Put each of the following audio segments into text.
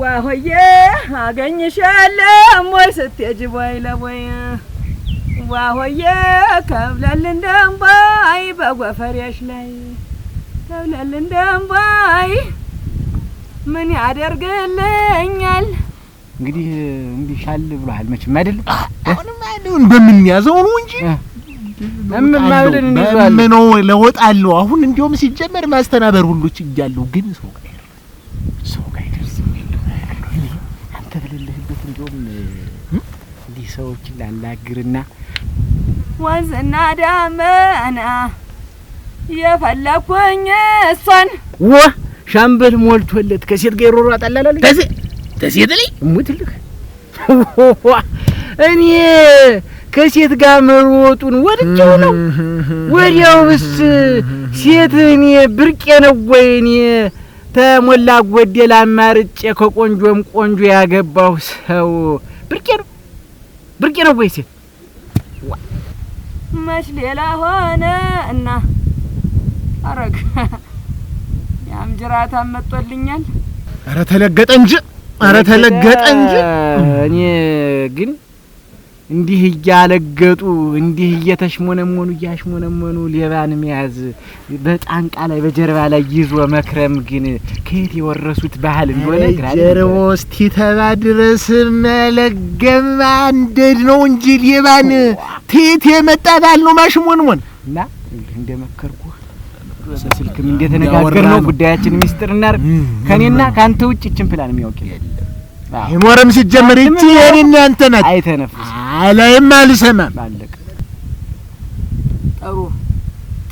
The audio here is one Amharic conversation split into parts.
ዋሆዬ አገኝሻለሁ ሞይ ስትሄጂ ቦይ ለቦይ ዋሆዬ ከብለልን ደንባይ በጎፈሬሽ ላይ ከብለልን ደንባይ ምን ያደርግልኛል? እንግዲህ እንዲህ ሻል ብሎሃል መቼም አይደለም። አሁንም አይደለም በምንያዘው ነው እንጂ እምማብልን ነው ለወጣለሁ አሁን እንዲያውም ሲጀመር ማስተናበር ሁሉ ችያለሁ ግን ሰው ሰዎችን ላናግርና ወንዝና ዳመና የፈለኩኝ እሷን ወ ሻምበል ሞልቶለት ከሴት ጋር ይሮራጣል አላለ። ከሴት ላይ ሙትልህ እኔ ከሴት ጋር መሮጡን ወድጀው ነው። ወዲያውስ ሴት እኔ ብርቄ ነው ወይ እኔ ተሞላ ጎደል አማርጬ ከቆንጆም ቆንጆ ያገባው ሰው ብርቄ ነው። ብርቄ ነው ወይስ መች ሌላ ሆነ እና አረግ ያም ጅራታ መጥቶልኛል። አረ ተለገጠ እንጂ አረ ተለገጠ እንጂ እኔ ግን እንዲህ እያለገጡ እንዲህ እየተሽሞነሞኑ እያሽሞነሞኑ ሌባን መያዝ በጣንቃ ላይ በጀርባ ላይ ይዞ መክረም ግን ከየት የወረሱት ባህል እንደሆነ ጀርቦ ተባ ድረስ መለገም አንደድ ነው እንጂ ሌባን ከየት የመጣ ባህል ነው ማሽሞንሞን እና እንደመከርኩ ስልክም እንደተነጋገር ነው ጉዳያችን ሚስጥር እናርግ ከእኔና ከአንተ ውጭ እችን ፕላን የሚያውቅ ይሞረም ሲጀመር እቺ የኔን ያንተ ናት። አይተነፍስ አላይም አልሰማም። ጥሩ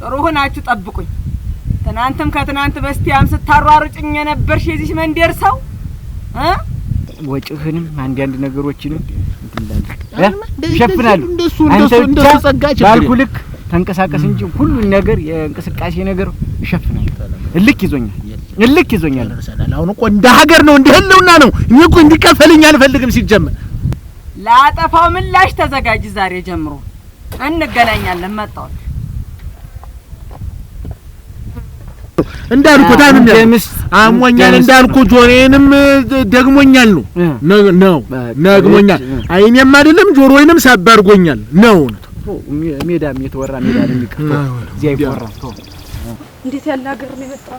ጥሩ ሆናችሁ ጠብቁኝ። ትናንትም ከትናንት በስቲያም ስታሯሩጭኝ የነበርሽ የዚህ መንደር ሰው እ ወጪህንም አንድ ነገሮችንም ይሸፍናሉ። አንተ ብቻ ባልኩ ልክ ተንቀሳቀስ እንጂ ሁሉን ነገር የእንቅስቃሴ ነገር ይሸፍናል። እልክ ይዞኛል እልክ ይዞኛል። አሁን እኮ እንደ ሀገር ነው እንደ ህልውና ነው። እኔ እኮ እንዲከፈልኝ አልፈልግም። ሲጀምር ላጠፋው ምላሽ ተዘጋጅ። ዛሬ ጀምሮ እንገናኛለን። መጣሁት እንዳልኩ ታምኛል፣ አሞኛል። እንዳልኩ ጆሮዬንም ደግሞኛል ነው ነው ነግሞኛል። አይኔም አይደለም ጆሮዬንም ሳብ ነው ሜዳም የተወራ ሜዳ ነው የሚቀርተው እዚያ ይወራ። እንዴት ያለ ሀገር ነው የመጣው?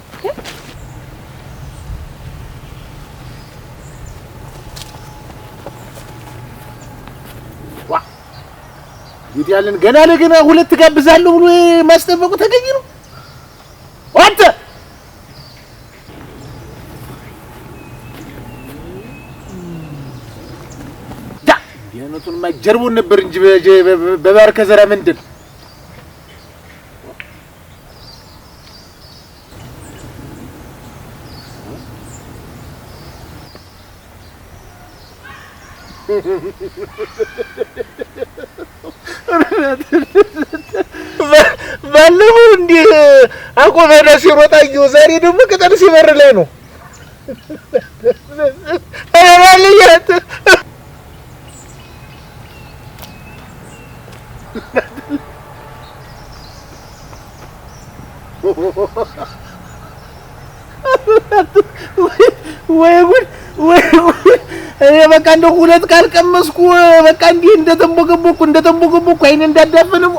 እንግዲህ ያለን ገና ለገና ሁለት ጋብዛለሁ ብሎ ማስጠበቁ ተገኝ ነው። አንተ ጀርቦን ነበር እንጂ በባርከ ዘራ ምንድን አቁመና ሲሮጣ አየሁ። ዛሬ ደግሞ ቅጠል ሲበር ላይ ነው። ወይ ጉድ! ወይ ጉድ! እኔ በቃ እንደው ሁለት ካልቀመስኩ በቃ እንዲህ እንደተንቦገቦኩ እንደተንቦገቦኩ አይኔ እንዳዳፈነው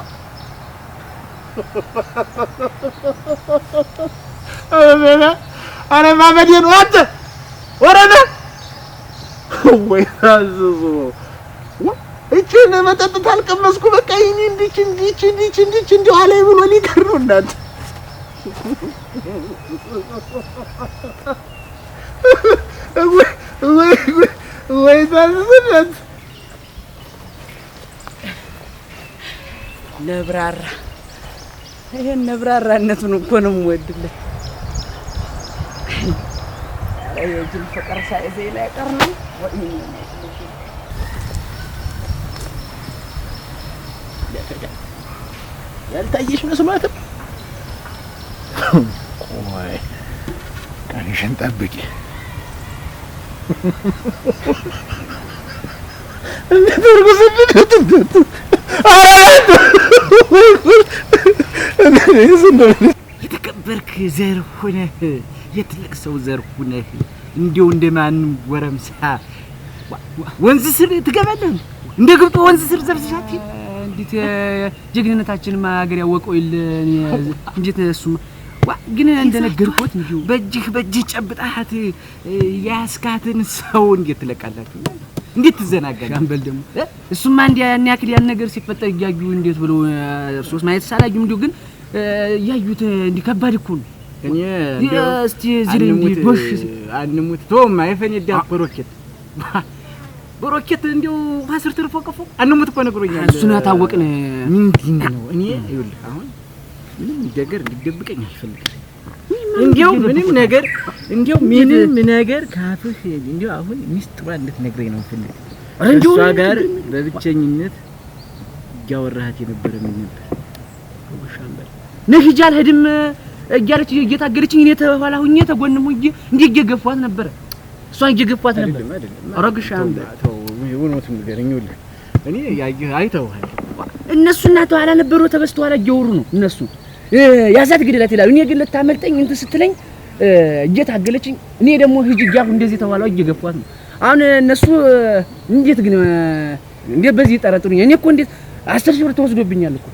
አረ ማመዴ ነው አንተ ወረደ ወይ መጠጥ ታልቀመስኩ በቃ ይሄን እንዲች እንዲች እንዲች እንዲች ብሎ ሊቀር ነው እናንተ ወይ ነብራራ ይሄን ነብራራነቱን እኮ ነው የምወድለት። የጅል ፍቅር ሳይዜ ላይ ቀር ነው ያልታየሽ መስሏትም። ቆይ ቀንሽን ጠብቂ። እንዴት እርጉዝ የተቀበርክ ዘር ሆነህ የትልቅ ሰው ዘር ሆነህ እንዲው እንደማንም ጎረምሳ ወንዝ ስር ትገባለህ። እንደ ግብጦ ወንዝ ስር ዘብዝሻት እንዴት ጀግንነታችንማ ሀገር ያወቀው ይል እንዴት እሱማ ግን እንደነገርኩት እንዲሁ በእጅህ በእጅህ ጨብጣት ያስካትን ሰው እንዴት ትለቃላችሁ? እንዴት ትዘናጋለህ? አንበል ደግሞ እሱማ እንዲያ ያክል ያል ነገር ሲፈጠር እያዩ እንዴት ብሎ እርሶስ ማየት ሳላዩም እንዲሁ ግን ያዩት እንዲህ ከባድ እኮ ነው። እኔ እስቲ እዚህ እንዲህ አንሙት ቶም አይፈነዳ እኮ ሮኬት በሮኬት እንዲያው ውሃ ቀፎ አንሙት እኮ ነግሮኛል። እሱን ያታወቅን ምንድን ነው? እኔ ይኸውልህ አሁን ምንም ነገር እንዲደብቀኝ አልፈልግም። እንዲያው ምንም ነገር እንዲያው ምንም ነገር ካፍህ እንዲያው አሁን ሚስጥሯን እንድትነግረኝ ነው ፈልግ እሷ ጋር በብቸኝነት እያወራሃት የነበረ ምን ነበር? ነሽ ሂጂ አልሄድም እያለች እየታገለችኝ እኔ ተኋላ ሁኜ ተጎንም ሁኜ እንዲህ እየገፏት ነበረ። እሷን እየገፏት ነበር። ረግሻ እኔ ያየ አይተውሃል። እነሱ እናት ኋላ ነበሩ ተበስተ ኋላ እየወሩ ነው እነሱ ያዛት ግደላት ይላሉ። እኔ ግን ልታመልጠኝ እንትን ስትለኝ እየታገለችኝ እኔ ደግሞ ህጅ እያልኩ እንደዚህ ተኋላ እየገፏት ነው። አሁን እነሱ እንዴት ግን እንዴት በዚህ ይጠረጥሩኛል? እኔ እኮ እንዴት አስር ሺህ ብር ተወስዶብኛል እኮ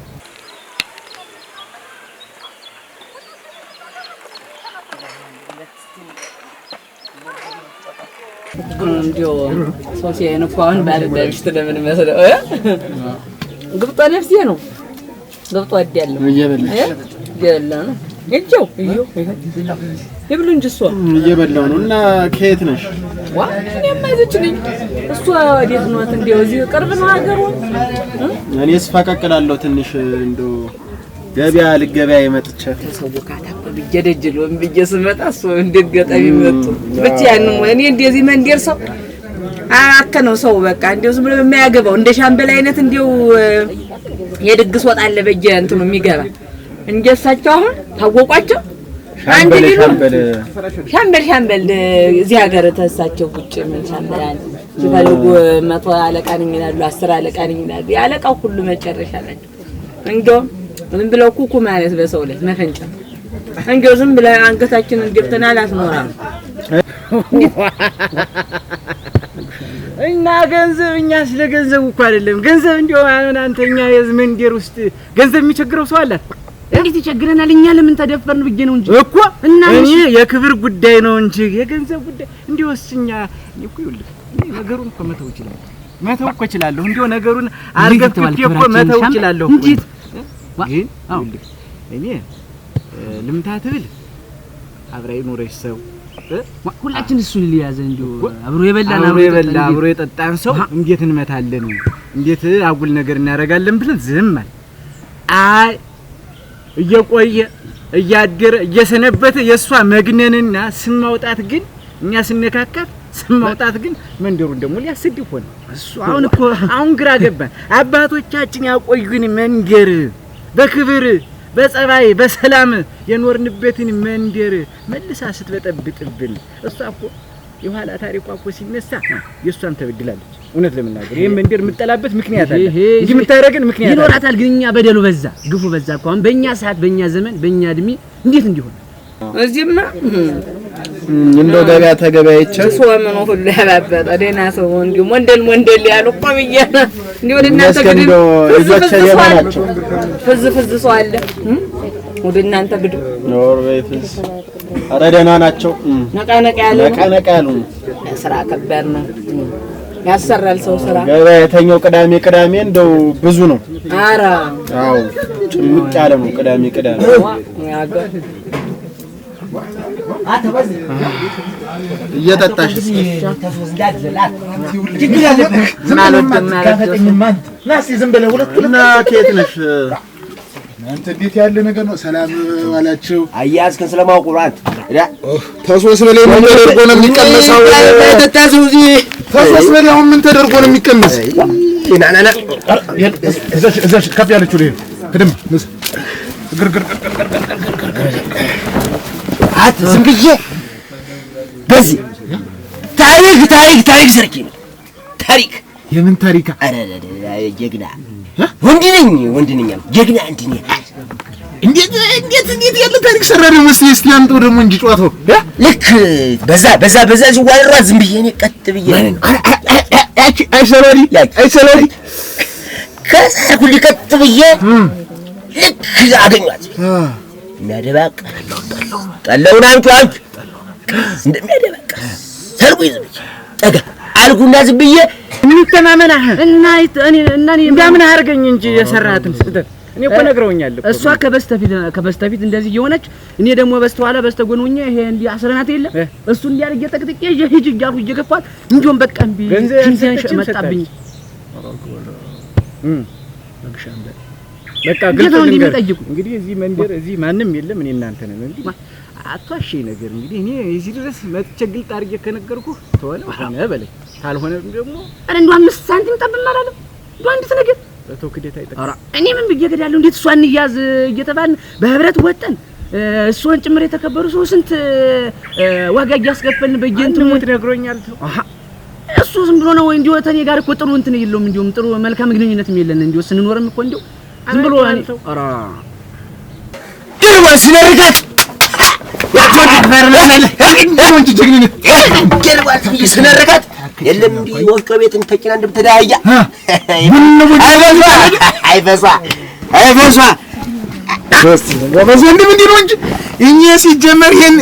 እንዲሁ ሶሲያን እኮ አሁን ባለዳሪሽ ስለምን መስለው ግብጧ ነፍሴ ነው። ግብጧ ወዲያለሁ እየበላ ነው እየው እየው ይብሉ እንጂ እሷ እየበላሁ ነው። እና ከየት ነሽ? ዋ እኔማ እዚች ነኝ። እሷ ወዴት ናት? እንደው እዚህ ቅርብ ነው ሀገሩ። እኔስ ፈቀቅላለሁ ትንሽ እንደው ገበያ ልገበያ የመጥቼ ከሰው ካታቆ ብየደጅልም ብዬ ስመጣ እሱ እንደገጠሚ መጡ። ብቻ ያንን እኔ እንደዚህ መንደር ሰው አከ ነው ሰው በቃ እንደው ዝም ብሎ የማያገባው እንደ ሻምበል አይነት እንደው የድግስ ወጣለ አለ በየ እንትኑ የሚገባ እንጂ እሳቸው አሁን ታወቋቸው አንድ ቢሉ ሻምበል ሻምበል እዚህ ሀገር ተሳቸው ውጭ ምን ሻምበል አለ ሲፈልጉ መቶ አለቃ ነኝ ይላሉ፣ አስር አለቃ ነኝ ይላሉ። የአለቃው ሁሉ መጨረሻ ናቸው እንደውም ምን ብለው ኩኩ ማለት በሰው ልጅ መፈንጫ እንዲያው ዝም ብለህ አንገታችንን ገብተናል አትኖራም። እና ገንዘብ እኛ ስለ ገንዘብ እኮ አይደለም። ገንዘብ እንዲያው አሁን አንተ እኛ የዝም ውስጥ ገንዘብ የሚቸግረው ሰው አላት እንዴት ይቸግረናል? እኛ ለምን ተደፈርን ብዬ ነው እንጂ እኮ እና እኔ የክብር ጉዳይ ነው እንጂ የገንዘብ ጉዳይ እንዲያውስ እኛ እኮ ይኸውልህ ነገሩን እኮ መተው እችላለሁ፣ መተው እኮ እችላለሁ። እንዲያው ነገሩን አርገብ እኮ መተው እችላለሁ። እንዴት ግን እኔ ልምታ ትብል አብራይ ኖረች ሰው ሁላችን እሱን ሊያዘ እንዲሁ አብሮ የበላን አብሮ የበላ አብሮ የጠጣን ሰው እንዴት እንመታለን፣ እንዴት አጉል ነገር እናደርጋለን ብለን ዝም አለ። አይ እየቆየ እያደረ እየሰነበተ የእሷ መግነንና ስም ማውጣት ግን እኛ ስነካከፍ ስም ማውጣት ግን መንደሩን ደግሞ ሊያሰድብ ሆነ። አሁን እኮ አሁን ግራ ገባን። አባቶቻችን ያቆዩን መንገር በክብር በጸባይ በሰላም የኖርንበትን መንደር መልሳ ስትበጠብጥብን፣ እሷ እኮ የኋላ ታሪኳ እኮ ሲነሳ የእሷን ተበድላለች። እውነት ለምናገር ይህ መንደር የምጠላበት ምክንያት አለ እንጂ የምታደርገን ምክንያት ይኖራታል። ግን እኛ በደሉ በዛ፣ ግፉ በዛ እኮ አሁን በእኛ ሰዓት፣ በእኛ ዘመን፣ በእኛ እድሜ እንዴት እንዲሆን እዚህማ እንደው ገበያ ተገበያይቼ ጾምኑ ሁሉ ያባበጠ ደህና ሰው እንዲሁ ወንደል ወንደል ያሉ እኮ ብዬሽ ፍዝ ፍዝ ሰው አለ ወደ እናንተ ግድም ኧረ ደህና ናቸው። ነቃ ያሉ ነቃ ያሉ ስራ ከባድ ነው ያሰራል ሰው ስራ። ገበያተኛው ቅዳሜ ቅዳሜ እንደው ብዙ ነው። ኧረ አዎ ጭምቅ ያለ ነው ቅዳሜ ቅዳሜ እየጠጣሽ ከየት ነሽ? አንተ እንዴት ያለ ነገር ነው? ሰላም ዋላችሁ። አያያዝ ከስለማው ቁርአን ተሶስ በላይ ምን ተደርጎ ነው የሚቀመሰው? ተሶስ በላይ ምን ተደርጎ ነው የሚቀመስ? ከፍ ያለችው ግርግር አት ዝም ብዬ በዚህ ታሪክ ታሪክ ታሪክ ሰርኪ ነው ታሪክ የምን ታሪክ? አረ ጀግና ወንድ ነኝ ወንድ ነኝ ጀግና እንት እንዴት እንዴት እንዴት ያለ ታሪክ ሰራ ነው መሰለኝ። እስቲ አምጠው ደግሞ እንጂ ጨዋታው ልክ በዛ በዛ በዛ ሲዋራ ዝም ብዬ እኔ ቀጥ ብዬ አይ ሰላዲ ከዛ ሁሉ ቀጥ ብዬ ልክ አገኘኋት የሚያደባቅ ጠላውን አምጪ አምጪ እንደሚያደባቅ ሰርጉ ይዝም ጠጋ አልኩና ዝም ብዬ የሚተማመናህ እና እኔ እንዳምን አርገኝ እንጂ የሰራህትን ስህተት እኔ እኮ ነግረውኛል። እሷ ከበስተፊት ከበስተፊት እንደዚህ እየሆነች እኔ ደግሞ በስተኋላ በስተጎን ሆኜ ይሄ እንዲ አስረናት የለ እሱ እንዲያል እየጠቅጥቄ ሂጅ እያሉ እየገፋል እንዲሁም በቃ እምቢ መጣብኝ በቃ ግልጽ ልንገር እንግዲህ እዚህ መንደር እዚህ ማንም የለም። እኔ እናንተ ነን እንጂ አቷሽ ነገር እንግዲህ እኔ እዚህ ድረስ መጥቼ ግልጥ አድርጌ ከነገርኩህ ተሆነ ሆነ በለኝ፣ ካልሆነ ደግሞ አረ እንደው አምስት ሳንቲም ጠብም አላለም። እንደው አንዲት ነገር በተው ክደት አይጠቅም። እኔ ምን ብዬ እገዳለሁ? እንዴት እሷን እንያዝ እየተባልን በህብረት ወጠን እሷን ጭምር የተከበሩ ሰው ስንት ዋጋ እያስከፈልን በየእንትኑ ሞት ነግሮኛል። ተው አሃ እሱ ዝም ብሎ ነው ወይ? እንዲሁ ተኔ ጋር እኮ ጥሩ እንትን የለውም። እንዲሁም ጥሩ መልካም ግንኙነትም የለን እንዲሁ ስንኖርም እኮ እንዲሁ ዝም ብሎ ስነርጋት የለም እንዲህ ወፍጮ ቤትን ተጭና እንደምትዳያ አይበሷ አይበሷ በዘንድም እንዲህ ነው እንጂ እኛ ሲጀመር ይሄን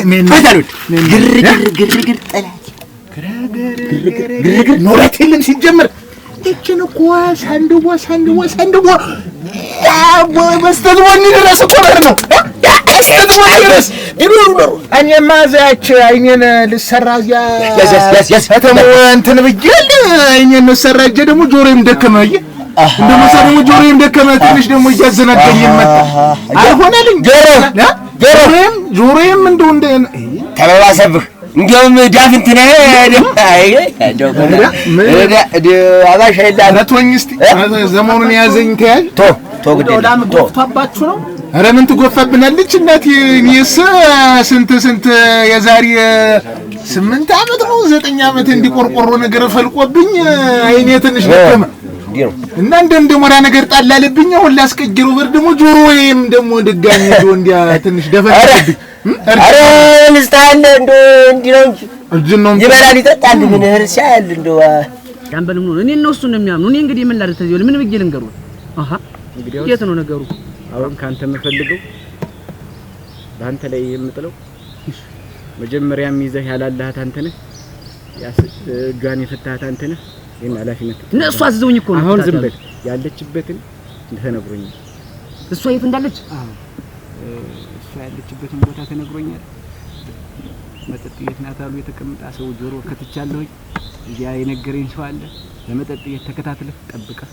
ግርግር ግርግር ጠላት ግርግር ኖረት የለም ሲጀመር ይችን እኮ ሳንድቦ ሳንድቦ ሳንድቦ በስተ ድረስ እኮ በር ነው። በስተ ዝቦኒ ድረስ እኔማ እዛች አይኔን ልሰራ እዚያ ከተማው እንትን ብዬሽ አይኔን ነው እጄ ደግሞ ጆሮዬም ደከመ ብዬሽ ደግሞ ጆሮዬም ደከመ ትንሽ ደግሞ እያዘናጋኝ መጣ አልሆነልኝ ጆሮዬም ጆሮዬም እንደው እንደ ተበባሰብህ እንዲያውም ዳፍ እንትን ዘመኑን ያዘኝ ተያዥ ቶ ቶ ጎፍታባችሁ ነው። ኧረ ምን ትጎፋብናለች እናቴ። እኔስ ስንት ስንት የዛሬ ስምንት ዓመት ነው ዘጠኝ ዓመት እንዲቆርቆሮ ነገር ፈልቆብኝ አይኔ ትንሽ ደከመ እና እንደ እንደ ሞራ ነገር ጣላለብኝ። አሁን ላስቀጅሩ ብር ደግሞ ጆሮዬም ደግሞ ድጋሚ እንዲያ ትንሽ ደፈነብኝ። ይበላል ይጠጣል። ምን እርሻ እኔ እነሱ እሱን ነው የሚያምኑ። እኔ እንግዲህ ምን ብዬ ልንገሩ? የት ነው ነገሩ? አሁን ካንተ የምፈልገው በአንተ ላይ የምጥለው መጀመሪያም ይዘህ ያላልሃት አንተ ነህ፣ እጇን የፈታሃት አንተ ነህ። ይሄን ኃላፊነት እሱ አዝዘውኝ እኮ ነው። አሁን ዝም በል ያለችበትን ተነግሮኛል። እሷ የት እንዳለች ያለችበትን ቦታ ተነግሮኛል። መጠጥ ቤት ናት አሉ የተቀምጣ ሰው ጆሮ ከትቻለሁኝ። እዚያ የነገረኝ ሰው አለ። ለመጠጥ ቤት ተከታትለህ ጠብቀህ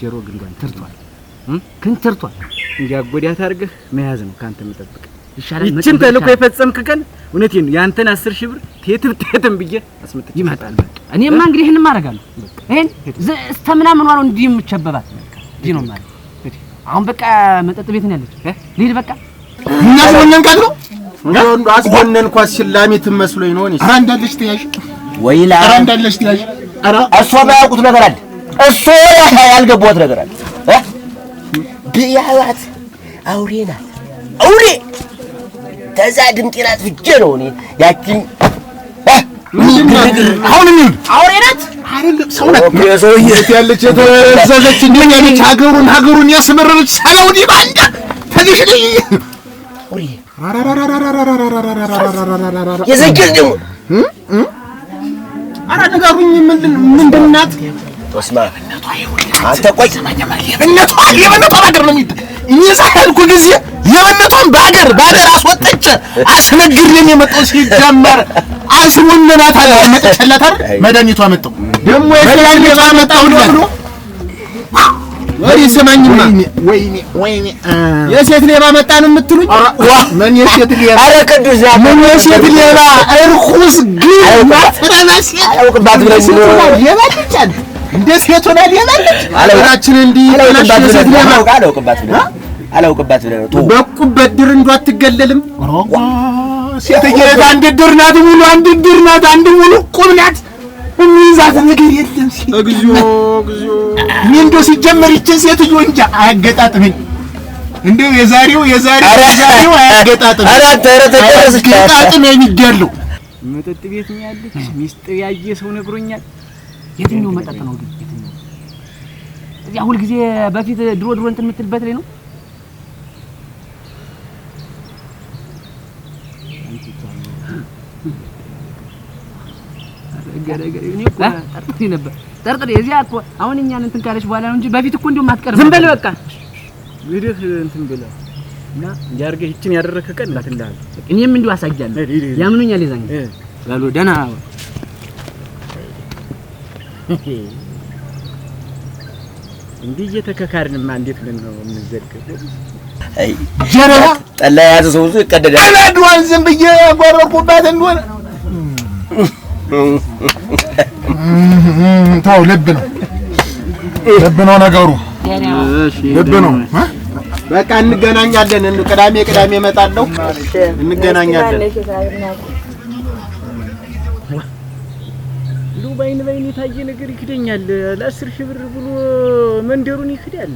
ጆሮ ግንዷን ትርቷል፣ ክንትርቷል እንጂ አጎዳት አድርገህ መያዝ ነው ከአንተ መጠብቅ ይሻላል። ይችን ተልእኮ የፈጸምክ ቀን እውነቴን ነው ያንተን አስር ሺህ ብር ቴትም ቴትም ብዬ አስመጥቼ ይመጣል። በቃ እኔማ እንግዲህ ይህንም አደርጋለሁ። ይህን እስተ ምናምኗ ነው እንዲህ የምቸበባት እንዲህ ነው ማለት አሁን በቃ መጠጥ ቤት ነው ያለችው። ልሂድ በቃ እናስጎነንካት ነው አስጎነንኳት። ሽላሚት መስሎኝ ነው እኔ። ኧረ እንዳለሽ ትያሽ ወይ ላ ኧረ እንዳለሽ ትያሽ። ኧረ እሷ የማያውቁት ነገር አለ፣ እሷ ያልገባሁት ነገር አለ። ብያዋት አውሬ ናት አውሬ። ተዛ ድምጤ ናት ብዬሽ ነው እኔ ያቺን አሁን ያለች ሀገሩን ሀገሩን ያስመረረች ሰላውዲ ባንዳ ተገሽልኝ ጸጉሬ የዘጌል ደግሞ ኧረ ንገሩኝ፣ ምንድን ናት? አንተ ቆይ እነቷ የበነቷ ባገር ነው የሚባል የዛ ጊዜ የበነቷን ባገር ባገር አስወጥቼ አስነግሬን የመጣው ሲጀመር አስቦነናት አመጣችላት አይደል መድኃኒቷ መጣሁ ደግሞ የመጣሁ ወሬ ስማኝማ፣ ወይኔ ወይኔ የሴት ሌባ መጣ ነው የምትሉኝ? ምን የሴት ሌባ? ኧረ ቅዱስ ምን የሴት ሌባ? እርኩስ ግን ሴት አላውቅባት ብለህ ነው በቁበት ድር አትገለልም። ሴትዬ አንድ ድር ናት ሙሉ፣ አንድ ድር ናት አንድ ሙሉ ቁም ናት የሚይዛት ነገር የለም። እግዚኦ እግዚኦ! እኔ እንደው ሲጀመር ይችን ሴትዮ እንጃ አያገጣጥመኝ። እንደው የዛሬው የዛሬው የዛሬው አያገጣጥመኝ። አራት አራት አያገጣጥም የሚደለው መጠጥ ቤት ነው ያለች። ሚስጥር ያየ ሰው ነግሮኛል። የትኛው መጠጥ ነው ግን? የትኛው እዚያ ሁልጊዜ በፊት ድሮ ድሮ እንትን የምትልበት ላይ ነው ገረገረ ጠርጥሬ ነበር ጠርጥሬ እዚያ እኮ አሁን እኛን እንትን ካለች በኋላ ነው እንጂ በፊት እኮ እንደውም አትቀርም። ዝም በል በቃ እንግዲህ እንትን ብለህ እና እንዲህ አድርገህ ይችን ያደረግህ ቀን ላትልሃል። እኔም እንዲሁ አሳያለሁ። ያምኑኛል። ይዛኝ ያሉ በሉ ደህና እንዲህ እየተከካርንማ እንዴት ብለን ነው የምንዘልቀው? ጀረባ ጠላ የያዘ ሰው ሁሉ ይቀደዳል። ዝም ብዬ ያጓረኩባት እንደሆነ ተው፣ ልብ ነው ልብ ነው ነገሩ፣ ልብ ነው። በቃ እንገናኛለን። ቅዳሜ ቅዳሜ እመጣለሁ፣ እንገናኛለን። እንደው በአይን በአይን የታየ ነገር ይክደኛል። ለአስር ሺህ ብር ብሎ መንደሩን ይክዳል።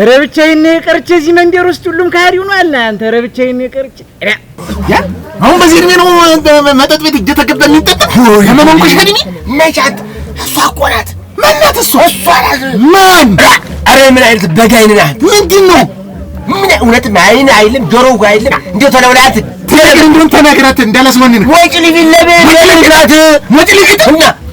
ኧረ ብቻዬን ቀርቼ እዚህ መንደር ውስጥ ሁሉም ከሀዲ አለ። አንተ ኧረ ብቻዬን ቀርቼ አሁን በዚህ እድሜ ነው መጠጥ ቤት እየተገባ የሚጠጣ ከመመንኮሻ እድሜ መቻት እሷ እኮ ናት። ማን ናት እሷ? እሷ ናት። ማን? ኧረ ምን አይነት በጋይን ናት? ምንድን ነው ምን እውነትም አይን አይልም ጆሮ አይልም። እንዴ ተለውላት ተነግራት እንዳላስመንነው ወጭ ልጅ ለቤት ወይ ልጅ እና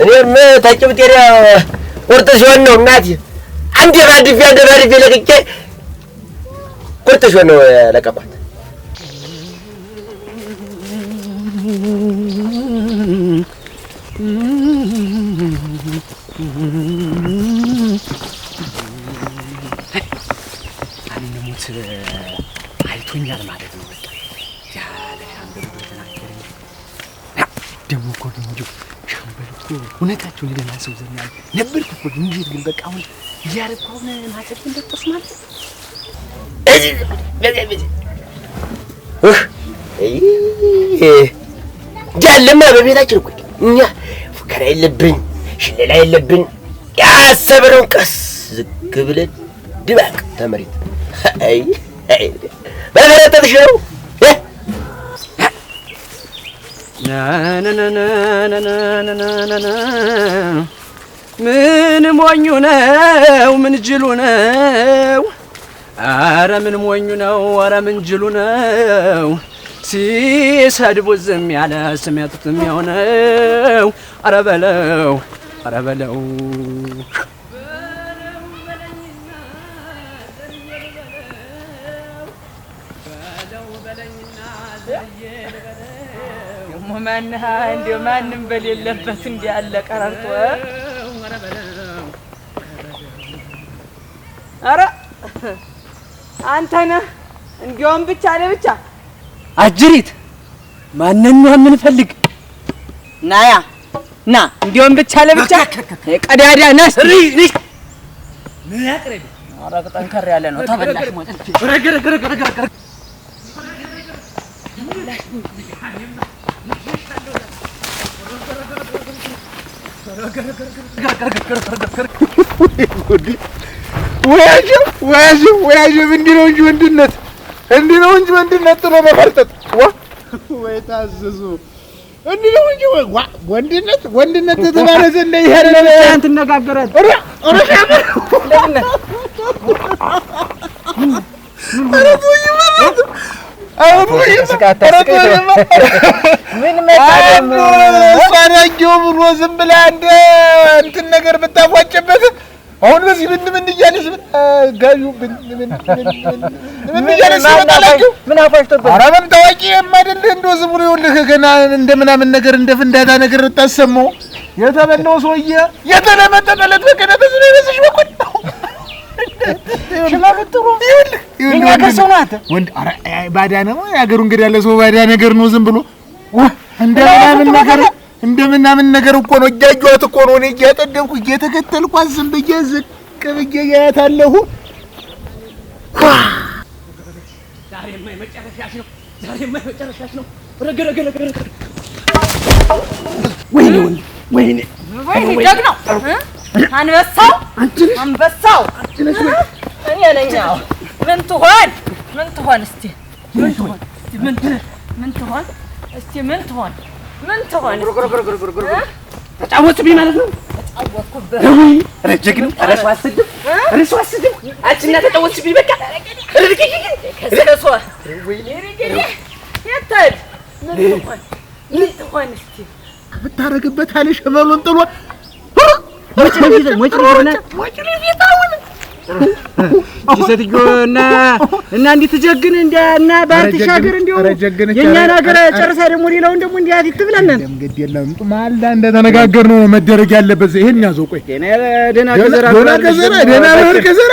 እኔም ታጭብቴ ቁርጥ ሲሆን ነው እናቴ አንድ ባድፌ አንድ ባድፌ ለቅቄ ቁርጥ ሲሆን ነው ለቀቋት። አንሙት አይቶኛል ማለት ደግሞ እኮ ነው ሻምበል እኮ እውነታቸውን ልናስብ ዘናል ነበርኩ እኮ እንዴት ግን በቃ አሁን እያረኳው ማተር እንደጠስ ማለት ያለማ በቤታችን እኮ እኛ ፉከራ የለብን፣ ሽለላ የለብን። ያሰብነውን ቀስ ዝግ ብለን ድባቅ ተመሬት በፈረጠጥሽ ነው ምን ሞኙ ነው? ምን ጅሉ ነው? አረ ምን ሞኙ ነው? አረ ምን ጅሉ ነው? ሲሰድቡት ዝም ያለ ስሜቱት የሚሆነው አረ በለው አረ በለው ማን እንዲያው ማንም በሌለበት እንዲህ አለ ቀረርቶ። ኧረ አንተ ነህ እንዲያውም ብቻ ለብቻ አጅሪት ማንን የምንፈልግ? ናያ ና እንዲያውም ብቻ ለብቻ ቀዳዳ ና እስኪ ኧረ ጠንከር ያለ ነው ተበላሽ ሞት ወያዥብ ወያዥብ እንዲህ ነው እንጂ ወንድነት እንዲህ ነው እንጂ ወንድነት ጥሎ መፈርጠጥ ወይ ታዘዙ እንዲህ ነው እንጂ ወንድነት ወንድነት የተባለ ዘንድ ይሄ ትነጋገራለህ። ኧረ ተወው ይመጣ ምን መጣደም እሷናቸው ብሎ ዝም ብላ እንደ እንትን ነገር ብታፏጭበት አሁን በዚህ ምን ምን እያለ ጋዩ ምን ምን ምን እያለ ሲመጣላችሁ ምን አፏጭቶበት? ኧረ ምን ታዋቂ የማይደል እንደው ዝም ብሎ ይኸውልህ፣ ገና እንደ ምናምን ነገር እንደ ፍንዳታ ነገር እታሰማው የተበላው ሰውዬ የተለመጠጠለት በቀደም ብዙ ነው በኩል ሽማግጥሩ ይኸውልህ ይኸውልህ፣ ሰው ወንድ። ባዳ ነው ያገሩ እንግዲህ ያለ ሰው ባዳ ነገር ነው ዝም ብሎ እንደምናምን ነገር እንደምናምን ነገር እኮ ነው። እጃጇት እኮ ነው። እኔ እያጠደምኩ እየተከተልኳት ዝም ብዬ ዝቅ ብዬ እያያታለሁ። ወይኔ ወይኔ አንበሳው አንበሳው እኔ ነኝ። ምን ትሆን ምን ትሆን እስቲ ምን ትሆን እስቲ ምን ትሆን ምን ትሆን? ተጫወትብኝ ማለት ነው። ተጫወትኩብህ። ኧረ ጀግን፣ ኧረ ሰው አትስድብ፣ ኧረ ሰው አትስድብ። አንቺ እና ተጫወትሽብኝ በቃ። ምን ትሆን እስቲ ብታረግበት አለ ሸበሎን ጥሎ ሴትዮና እና እንዲት ጀግን እና ባህር ተሻገር እንዲሁ የእኛን ሀገር ጨርሳ ደግሞ ሌላውን ደግሞ እንዲያት ይትብላለን። እንግዲህ የለም ማልዳ እንደተነጋገርነው ነው መደረግ ያለበት። ይሄን ያዘው። ቆይ ደህና ከዘራ ደህና ብር ከዘራ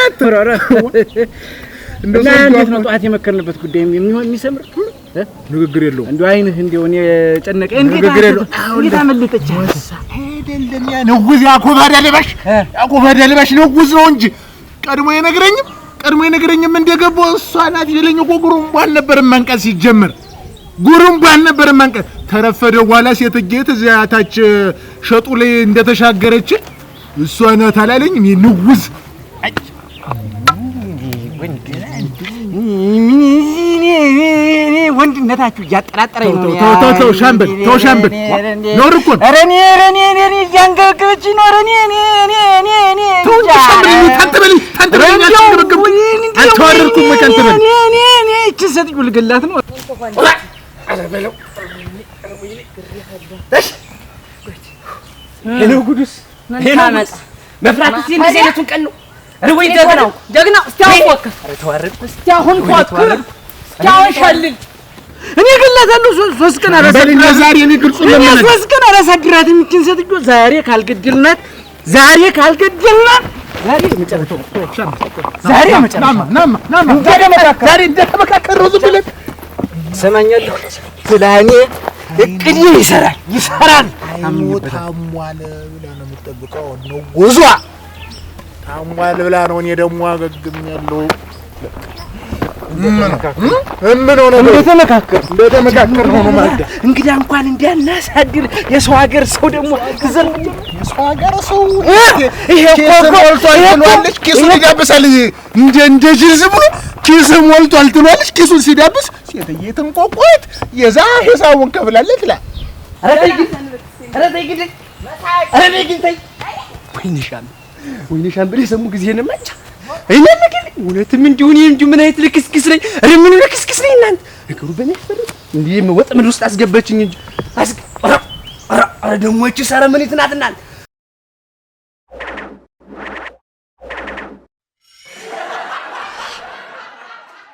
እና እንዴት ነው ጠዋት የመከርንበት ጉዳይ የሚሆን የሚሰምር ንግግር የለውም። እንደው አይንህ እንደው እኔ ጨነቀ። ንግግር የለውም። እንዴት አመለጠች? አይደለም ያ ንጉዝ ያኮብ አይደል ልበሽ፣ ያኮብ አይደል ልበሽ ንጉዝ ነው እንጂ ቀድሞ የነግረኝም ቀድሞ የነግረኝም እንደገባሁ እሷ ናት ይለኝ እኮ ጉሩምቧን ነበር መንቀስ ሲጀምር ጉሩምቧን ነበር መንቀስ። ተረፈደ በኋላ ሴትጌት እዚያ ታች ሸጡ ላይ እንደተሻገረች እሷ ናት አላለኝም። ንውዝ ወንድነታችሁ እያጠራጠረኝ ነው። ተው ተው፣ ተው፣ ኖር እኮ ነው። ነው። ሄሎ ጉዱስ ሄሎ መፍራት እንደዚህ አይነቱን ቀን ነው ርቦኝ ጀግና ጀግና እስኪ አሁን ፎክር እስኪ አሁን ሸልል። እኔ ግን ሦስት ቀን አላሳድራትም ይችን ሴትዮ ዛሬ ካልገደልናት ዛሬ ካልገደልናት ዛሬ የመጨረሻው ዛሬ ዛሬ እንደተመካከረው ብለን ትሰማኛለህ። ፕላኔ እቅዴ ይሰራል ይሰራል። ታሟል ብላ ነው የምጠብቀው ነው ጎዟ አሟል ብላ ነው። እኔ ደግሞ ሆነ? ሆኖ ማለት እንኳን እንዲያናሳድር የሰው ሀገር ሰው ደግሞ የሰው ሀገር ሰው ኪሱን ይዳብሳል። እንደ እንደ ጅል ዝም ብሎ ኪስ ሞልቷል ትሏለች። ኪሱን ሲዳብስ ሴትዬ ትንቆቆት የዛ ሂሳቡን ከፍላለች ግን፣ ግን፣ ግን፣ ወይኔ ሻምበል የሰሙ ጊዜ ነማቻ አይናለከል እውነትም እንዲሁን እንጂ ምን አይነት ልክስክስ ነኝ? አረ ምን ልክስክስ ነኝ? እናንተ ነገሩ በኔ ፈረ እንዴ ወጥ ምን ውስጥ አስገበችኝ እንጂ አስገ አረ አረ ደሞች ሰረመኒት ናት እናንተ